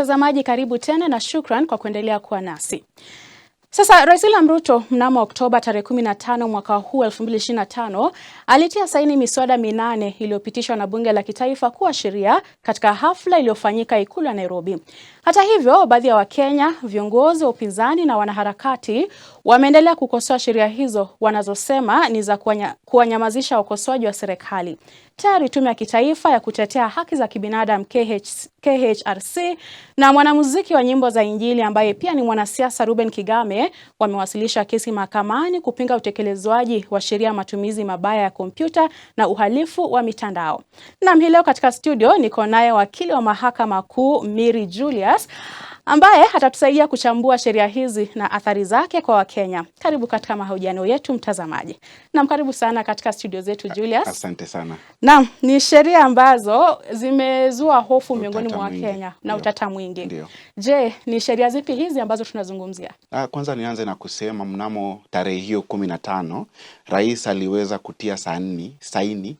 mtazamaji, karibu tena na shukran kwa kuendelea kuwa nasi. Sasa Rais William Ruto mnamo Oktoba tarehe 15 mwaka huu 2025 alitia saini miswada minane iliyopitishwa na bunge la kitaifa kuwa sheria katika hafla iliyofanyika ikulu ya Nairobi. Hata hivyo, baadhi ya Wakenya, viongozi wa upinzani na wanaharakati wameendelea kukosoa sheria hizo wanazosema ni za kuwanyamazisha wakosoaji wa serikali. Tayari Tume ya Kitaifa ya Kutetea Haki za Kibinadamu KH, KHRC na mwanamuziki wa nyimbo za Injili ambaye pia ni mwanasiasa ruben Kigame wamewasilisha kesi mahakamani kupinga utekelezwaji wa sheria ya matumizi mabaya ya kompyuta na uhalifu wa mitandao. Nam, hii leo katika studio niko naye wakili wa Mahakama Kuu Mary Julius Moses ambaye atatusaidia kuchambua sheria hizi na athari zake kwa Wakenya. Karibu katika mahojiano yetu mtazamaji. Naam, karibu sana katika studio zetu Julius. Asante sana. Naam, ni sheria ambazo zimezua hofu miongoni mwa Wakenya na utata mwingi. Ndio. Je, ni sheria zipi hizi ambazo tunazungumzia? Ah, kwanza nianze na kusema mnamo tarehe hiyo kumi na tano rais aliweza kutia saini saini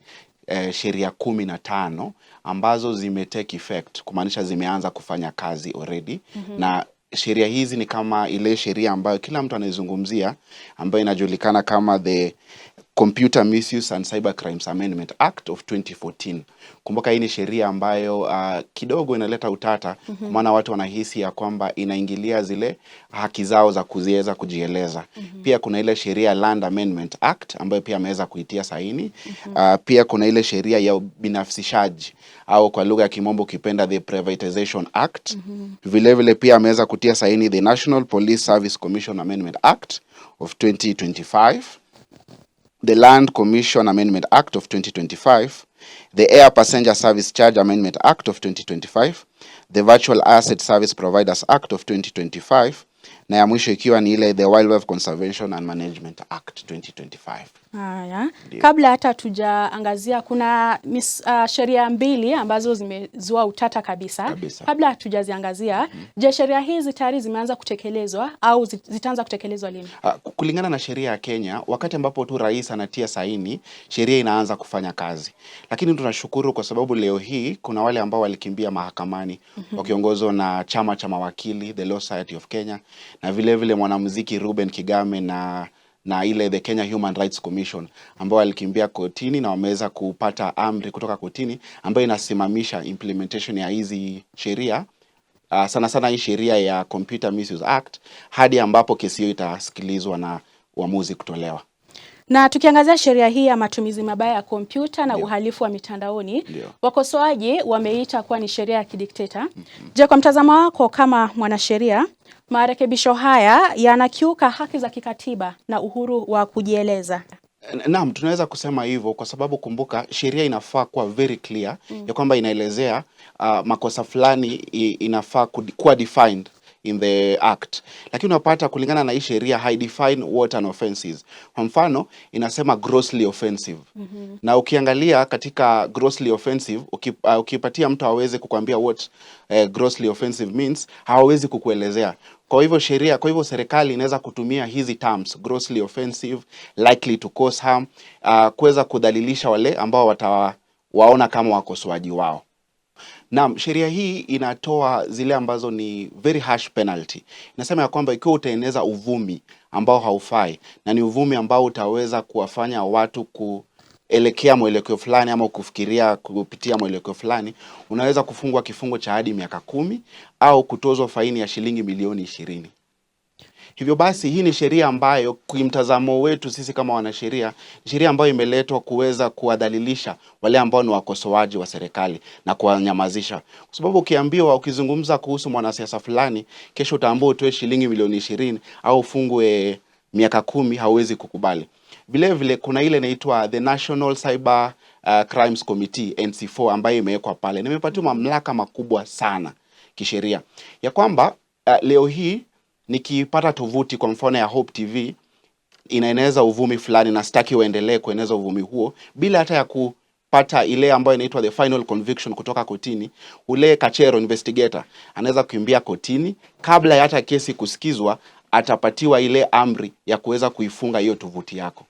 eh, sheria kumi na tano ambazo zime take effect kumaanisha zimeanza kufanya kazi already mm -hmm. na sheria hizi ni kama ile sheria ambayo kila mtu anaizungumzia ambayo inajulikana kama the Computer Misuse and Cyber Crimes Amendment Act of 2014. Kumbuka hii ni sheria ambayo uh, kidogo inaleta utata mm -hmm. Maana watu wanahisi ya kwamba inaingilia zile haki zao za kuziweza kujieleza mm -hmm. Pia kuna ile sheria Land Amendment Act ambayo pia ameweza kuitia saini mm -hmm. Uh, pia kuna ile sheria ya binafsishaji au kwa lugha ya kimombo ukipenda the Privatization Act mm -hmm. Vile vile pia ameweza kutia saini the National Police Service Commission Amendment Act of 2025 the Land Commission Amendment Act of 2025, the Air Passenger Service Charge Amendment Act of 2025, the Virtual Asset Service Providers Act of 2025 na ya mwisho ikiwa ni ile the Wildlife Conservation and Management Act 2025. Haya, kabla hata tujaangazia kuna mis, uh, sheria mbili ambazo zimezua utata kabisa, kabisa. Kabla hatujaziangazia mm. Je, sheria hizi tayari zimeanza kutekelezwa au zitaanza kutekelezwa lini? Uh, kulingana na sheria ya Kenya, wakati ambapo tu rais anatia saini, sheria inaanza kufanya kazi, lakini tunashukuru kwa sababu leo hii kuna wale ambao walikimbia mahakamani mm -hmm. wakiongozwa na chama cha mawakili The Law Society of Kenya na vilevile mwanamuziki Ruben Kigame na na ile the Kenya Human Rights Commission ambao walikimbia kotini na wameweza kupata amri kutoka kotini ambayo inasimamisha implementation ya hizi sheria uh, sana sana hii sheria ya Computer Misuse Act hadi ambapo kesi hiyo itasikilizwa na uamuzi kutolewa. Na tukiangazia sheria hii ya matumizi mabaya ya kompyuta na Dio. uhalifu wa mitandaoni, wakosoaji wameita kuwa ni sheria ya kidikteta. mm -hmm. Je, kwa mtazamo wako kama mwanasheria marekebisho haya yanakiuka haki za kikatiba na uhuru wa kujieleza? Naam, tunaweza kusema hivyo kwa sababu kumbuka, sheria inafaa kuwa very clear mm. ya kwamba inaelezea uh, makosa fulani inafaa kuwa defined in the act, lakini unapata kulingana na hii sheria define what an offense is. Kwa mfano inasema grossly offensive mm -hmm. na ukiangalia katika grossly offensive ukip, uh, ukipatia mtu aweze kukwambia what uh, grossly offensive means hawawezi kukuelezea. Kwa hivyo sheria, kwa hivyo serikali inaweza kutumia hizi terms grossly offensive, likely to cause harm, uh, kuweza kudhalilisha wale ambao watawaona kama wakosoaji wao. Naam, sheria hii inatoa zile ambazo ni very harsh penalty. Inasema ya kwamba ikiwa utaeneza uvumi ambao haufai na ni uvumi ambao utaweza kuwafanya watu ku kuelekea mwelekeo fulani ama kufikiria kupitia mwelekeo fulani, unaweza kufungwa kifungo cha hadi miaka kumi au kutozwa faini ya shilingi milioni ishirini. Hivyo basi hii ni sheria ambayo kimtazamo wetu sisi kama wanasheria, sheria ambayo imeletwa kuweza kuwadhalilisha wale ambao ni wakosoaji wa serikali na kuwanyamazisha, kwa sababu ukiambiwa, ukizungumza kuhusu mwanasiasa fulani, kesho utaambiwa utoe shilingi milioni ishirini au ufungwe miaka kumi, hauwezi kukubali. Vilevile kuna ile inaitwa the National Cyber uh, Crimes Committee NC4 ambayo imewekwa pale, nimepatiwa mamlaka makubwa sana kisheria ya kwamba uh, leo hii nikipata tovuti kwa mfano ya Hope TV inaeneza uvumi fulani na sitaki waendelee kueneza uvumi huo bila hata ya kupata ile ambayo inaitwa the final conviction kutoka kotini, ule kachero investigator anaweza kukimbia kotini kabla ya hata kesi kusikizwa, atapatiwa ile amri ya kuweza kuifunga hiyo tovuti yako.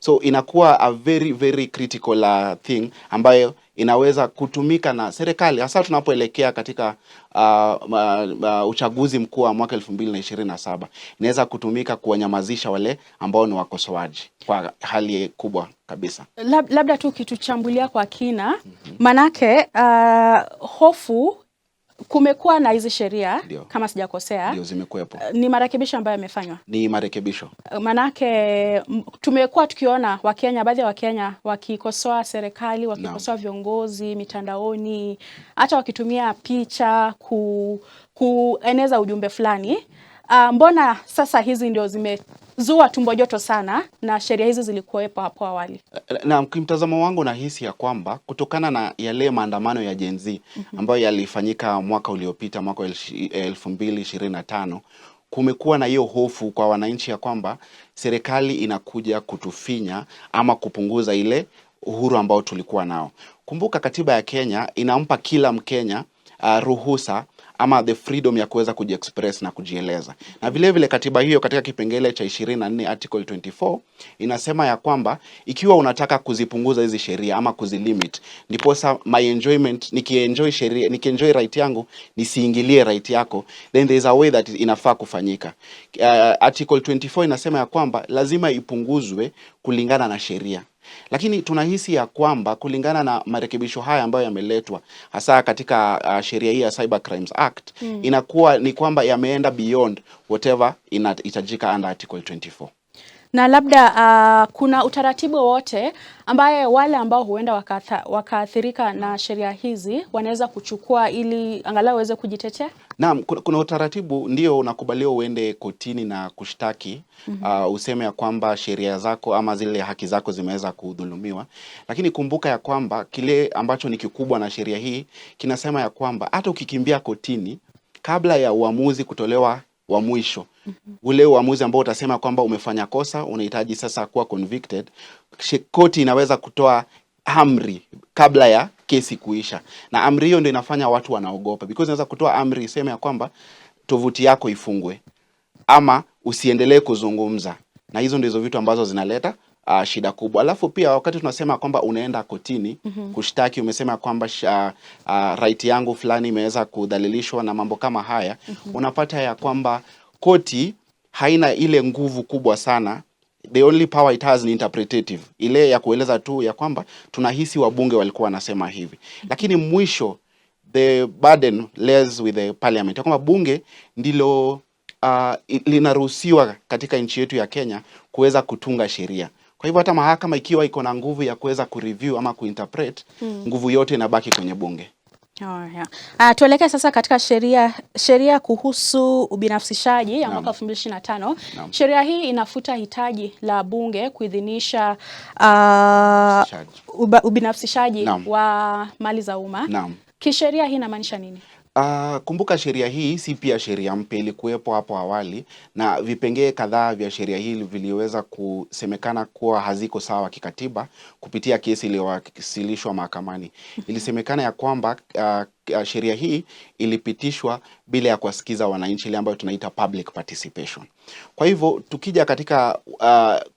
So inakuwa a very very critical uh, thing ambayo inaweza kutumika na serikali hasa tunapoelekea katika uh, uh, uh, uchaguzi mkuu wa mwaka 2027 inaweza kutumika kuwanyamazisha wale ambao ni wakosoaji kwa hali kubwa kabisa. Lab, labda tu kitu chambulia kwa kina mm -hmm. Manake uh, hofu kumekuwa na hizi sheria Dio. Kama sijakosea zimekuwepo, eh, ni marekebisho ambayo yamefanywa, ni marekebisho eh, manake, tumekuwa tukiona Wakenya, baadhi ya Wakenya wakikosoa serikali, wakikosoa no. viongozi mitandaoni, hata wakitumia picha ku, kueneza ujumbe fulani. Uh, mbona sasa hizi ndio zime zua tumbo joto sana, na sheria hizi zilikuwepo hapo awali. Na kimtazamo wangu nahisi ya kwamba kutokana na yale maandamano ya Gen Z mm -hmm. ambayo yalifanyika mwaka uliopita mwaka eh, elfu mbili ishirini na tano kumekuwa na hiyo hofu kwa wananchi ya kwamba serikali inakuja kutufinya ama kupunguza ile uhuru ambao tulikuwa nao. Kumbuka katiba ya Kenya inampa kila Mkenya uh, ruhusa ama the freedom ya kuweza kujiexpress na kujieleza. Na vile vile katiba hiyo katika kipengele cha 24 article 24 inasema ya kwamba ikiwa unataka kuzipunguza hizi sheria ama kuzilimit, ndipo sasa my enjoyment, nikienjoy sheria, nikienjoy right yangu nisiingilie right yako, then there is a way that inafaa kufanyika. Uh, article 24 inasema ya kwamba lazima ipunguzwe kulingana na sheria. Lakini tunahisi ya kwamba kulingana na marekebisho haya ambayo yameletwa hasa katika uh, sheria hii ya Cyber Crimes Act mm. inakuwa ni kwamba yameenda beyond whatever inahitajika under Article 24 na labda uh, kuna utaratibu wote ambaye wale ambao huenda wakaathirika na sheria hizi wanaweza kuchukua ili angalau waweze kujitetea? Naam, kuna utaratibu ndio unakubaliwa uende kotini na kushtaki mm -hmm. Uh, useme ya kwamba sheria zako ama zile haki zako zimeweza kudhulumiwa, lakini kumbuka ya kwamba kile ambacho ni kikubwa na sheria hii kinasema ya kwamba hata ukikimbia kotini kabla ya uamuzi kutolewa wa mwisho mm-hmm. Ule uamuzi ambao utasema kwamba umefanya kosa, unahitaji sasa kuwa convicted. Koti inaweza kutoa amri kabla ya kesi kuisha, na amri hiyo ndio inafanya watu wanaogopa, because inaweza kutoa amri iseme ya kwamba tovuti yako ifungwe ama usiendelee kuzungumza, na hizo ndizo vitu ambazo zinaleta uh, shida kubwa. Alafu pia wakati tunasema kwamba unaenda kotini mm -hmm. kushtaki, umesema kwamba uh, uh, right yangu fulani imeweza kudhalilishwa na mambo kama haya mm -hmm. unapata ya kwamba koti haina ile nguvu kubwa sana the only power it has ni interpretative, ile ya kueleza tu ya kwamba tunahisi wabunge walikuwa wanasema hivi, mhm. lakini mwisho the burden lies with the parliament, ya kwamba bunge ndilo uh, linaruhusiwa katika nchi yetu ya Kenya kuweza kutunga sheria. mm kwa hivyo hata mahakama ikiwa iko na nguvu ya kuweza kureview ama kuinterpret hmm, nguvu yote inabaki kwenye bunge. Oh, yeah. Uh, tuelekee sasa katika sheria sheria kuhusu ubinafsishaji ya mwaka 2025. Sheria hii inafuta hitaji la bunge kuidhinisha uh, ubinafsishaji wa mali za umma. Kisheria hii inamaanisha nini? Uh, kumbuka sheria hii si pia sheria mpya, ilikuwepo hapo awali na vipengee kadhaa vya sheria hii viliweza kusemekana kuwa haziko sawa kikatiba kupitia kesi iliyowasilishwa mahakamani. Ilisemekana ya kwamba uh, uh, sheria hii ilipitishwa bila ya kuwasikiza wananchi, ile ambayo tunaita public participation. Kwa hivyo tukija katika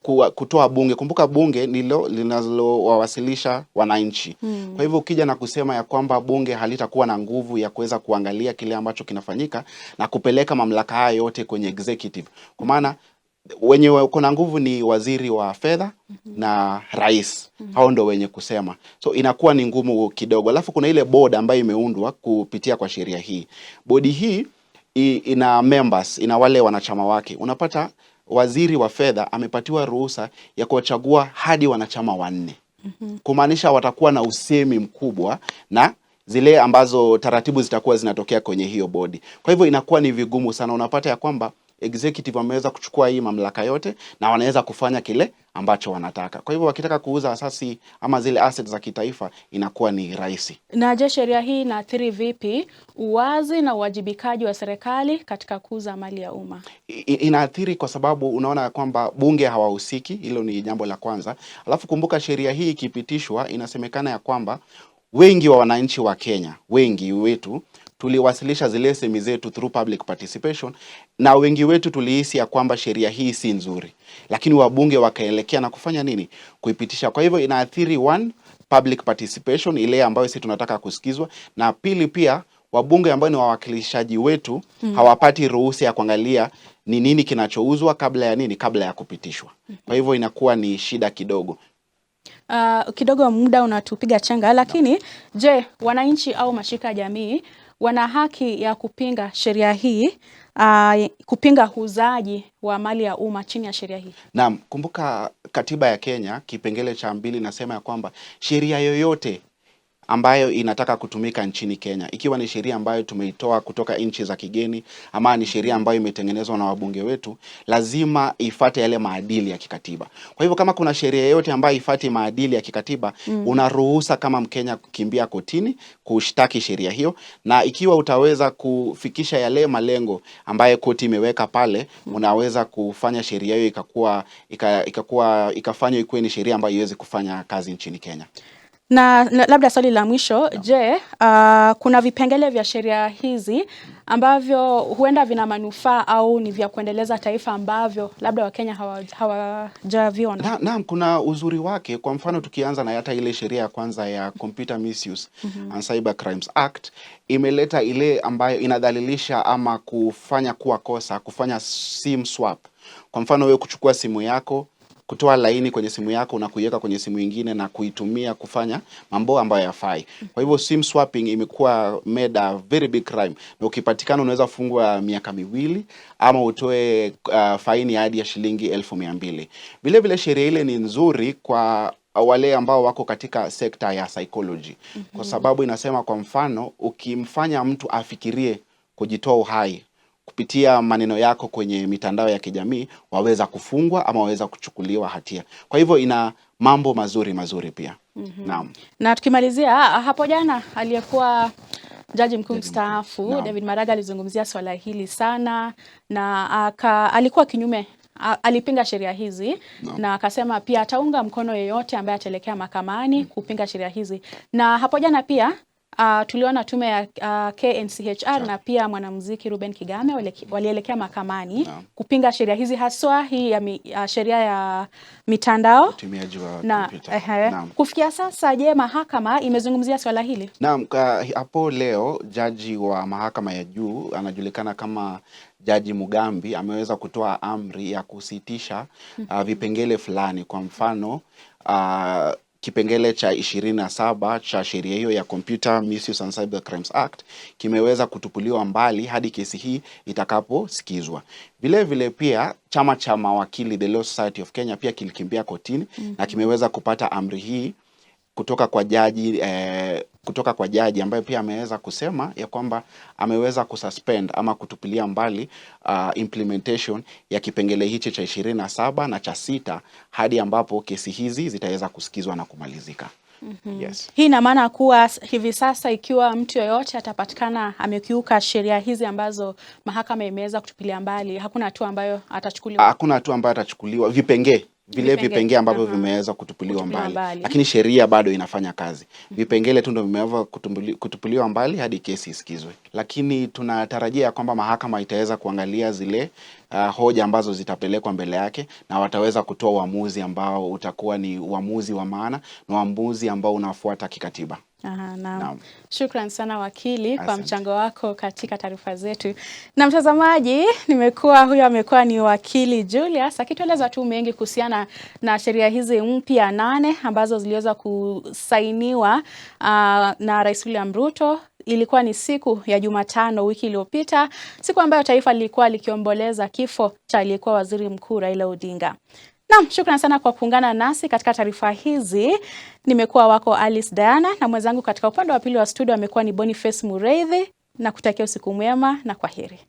uh, kutoa bunge, kumbuka bunge ndilo linalowawasilisha wananchi hmm. Kwa hivyo ukija na kusema ya kwamba bunge halitakuwa na nguvu ya kuweza kuangalia kile ambacho kinafanyika na kupeleka mamlaka haya yote kwenye executive, kwa maana wenye wako na nguvu ni waziri wa fedha mm -hmm. na rais mm -hmm. hao ndo wenye kusema, so inakuwa ni ngumu kidogo. Alafu kuna ile board ambayo imeundwa kupitia kwa sheria hii. Bodi hii ina members, ina wale wanachama wake. Unapata waziri wa fedha amepatiwa ruhusa ya kuwachagua hadi wanachama wanne mm -hmm. kumaanisha watakuwa na usemi mkubwa na zile ambazo taratibu zitakuwa zinatokea kwenye hiyo bodi. Kwa hivyo inakuwa ni vigumu sana, unapata ya kwamba executive wameweza kuchukua hii mamlaka yote na wanaweza kufanya kile ambacho wanataka. Kwa hivyo wakitaka kuuza asasi ama zile assets za kitaifa inakuwa ni rahisi. Na je, sheria hii inaathiri vipi uwazi na uwajibikaji wa serikali katika kuuza mali ya umma? Inaathiri kwa sababu unaona kwamba bunge hawahusiki, hilo ni jambo la kwanza. Alafu kumbuka sheria hii ikipitishwa, inasemekana ya kwamba wengi wa wananchi wa Kenya, wengi wetu tuliwasilisha zile semi zetu through public participation, na wengi wetu tulihisi ya kwamba sheria hii si nzuri, lakini wabunge wakaelekea na kufanya nini? Kuipitisha. Kwa hivyo inaathiri one, public participation ile ambayo sisi tunataka kusikizwa, na pili pia wabunge ambao ni wawakilishaji wetu mm. hawapati ruhusa ya kuangalia ni nini kinachouzwa kabla ya nini, kabla ya kupitishwa. Hmm. Kwa hivyo inakuwa ni shida kidogo. Uh, kidogo muda unatupiga chenga, lakini no. Je, wananchi au mashirika ya jamii wana haki ya kupinga sheria hii uh, kupinga uuzaji wa mali ya umma chini ya sheria hii. Naam, kumbuka katiba ya Kenya kipengele cha mbili nasema ya kwamba sheria yoyote ambayo inataka kutumika nchini Kenya, ikiwa ni sheria ambayo tumeitoa kutoka nchi za kigeni ama ni sheria ambayo imetengenezwa na wabunge wetu, lazima ifate yale maadili ya kikatiba. Kwa hivyo kama kuna sheria yoyote ambayo ifati maadili ya kikatiba mm, unaruhusa kama Mkenya kukimbia kotini kushtaki sheria hiyo, na ikiwa utaweza kufikisha yale malengo ambayo koti imeweka pale, mm. unaweza kufanya sheria hiyo ikakuwa ikakuwa ikafanywa ikuwe ni sheria ambayo iweze kufanya kazi nchini Kenya. Na, labda swali la mwisho no. Je, uh, kuna vipengele vya sheria hizi ambavyo huenda vina manufaa au ni vya kuendeleza taifa ambavyo labda Wakenya hawajaviona? Hawa naam, na, kuna uzuri wake. Kwa mfano tukianza na hata ile sheria ya kwanza ya Computer Misuse mm -hmm. and Cyber Crimes Act imeleta ile ambayo inadhalilisha ama kufanya kuwa kosa kufanya SIM swap. Kwa mfano wewe kuchukua simu yako kutoa laini kwenye simu yako na kuiweka kwenye simu nyingine na kuitumia kufanya mambo ambayo yafai. Kwa hivyo sim swapping imekuwa made a very big crime, na ukipatikana unaweza fungwa miaka miwili ama utoe uh, faini hadi ya shilingi elfu mia mbili. Vile vile sheria ile ni nzuri kwa wale ambao wako katika sekta ya psychology Kwa mhm. sababu inasema, kwa mfano, ukimfanya mtu afikirie kujitoa uhai kupitia maneno yako kwenye mitandao ya kijamii waweza kufungwa ama waweza kuchukuliwa hatia. Kwa hivyo ina mambo mazuri mazuri pia. mm -hmm. Naam. Na tukimalizia ah, ah, hapo jana aliyekuwa Jaji mkuu mstaafu David, David Maraga alizungumzia swala hili sana na aka, alikuwa kinyume alipinga sheria hizi no. na akasema pia ataunga mkono yeyote ambaye ataelekea mahakamani mm. kupinga sheria hizi. Na hapo jana pia Uh, tuliona tume ya uh, ah, KNCHR sure. Na pia mwanamuziki Ruben Kigame walielekea mahakamani no. kupinga sheria hizi haswa hii ya uh, sheria ya mitandao utumiaji wa na, uh, kufikia sasa, je, mahakama imezungumzia swala hili? Naam, hapo leo jaji wa mahakama ya juu anajulikana kama Jaji Mugambi ameweza kutoa amri ya kusitisha uh, vipengele fulani, kwa mfano uh, kipengele cha 27 cha sheria hiyo ya Computer Misuse and Cyber Crimes Act kimeweza kutupuliwa mbali hadi kesi hii itakaposikizwa. Vile vile pia chama cha mawakili the Law Society of Kenya pia kilikimbia kotini mm -hmm. na mhm. kimeweza kupata amri hii kutoka kwa jaji eh, kutoka kwa jaji ambaye pia ameweza kusema ya kwamba ameweza kususpend ama kutupilia mbali uh, implementation ya kipengele hichi cha ishirini na saba na cha sita hadi ambapo kesi hizi zitaweza kusikizwa na kumalizika. Mm -hmm. Yes. Hii ina maana kuwa hivi sasa ikiwa mtu yoyote atapatikana amekiuka sheria hizi ambazo mahakama imeweza kutupilia mbali, hakuna hatua ambayo atachukuliwa. Hakuna hatua ambayo atachukuliwa vipengee vile vipengee ambavyo vimeweza kutupuliwa mbali, mbali, lakini sheria bado inafanya kazi. Mm-hmm. Vipengele tu ndio vimeweza kutupuliwa mbali hadi kesi isikizwe, lakini tunatarajia ya kwamba mahakama itaweza kuangalia zile uh, hoja ambazo zitapelekwa mbele yake na wataweza kutoa uamuzi ambao utakuwa ni uamuzi wa maana na uamuzi ambao unafuata kikatiba. Aha, na. Na. Shukran sana wakili Asante, kwa mchango wako katika taarifa zetu. Na mtazamaji, nimekuwa huyo amekuwa ni wakili Julius akitueleza tu mengi kuhusiana na sheria hizi mpya nane ambazo ziliweza kusainiwa uh, na Rais William Ruto ilikuwa ni siku ya Jumatano wiki iliyopita, siku ambayo taifa lilikuwa likiomboleza kifo cha aliyekuwa Waziri Mkuu Raila Odinga. Naam, shukran sana kwa kuungana nasi katika taarifa hizi. Nimekuwa wako Alice Diana na mwenzangu katika upande wa pili wa studio amekuwa ni Boniface Mureithi na kutakia usiku mwema na kwaheri.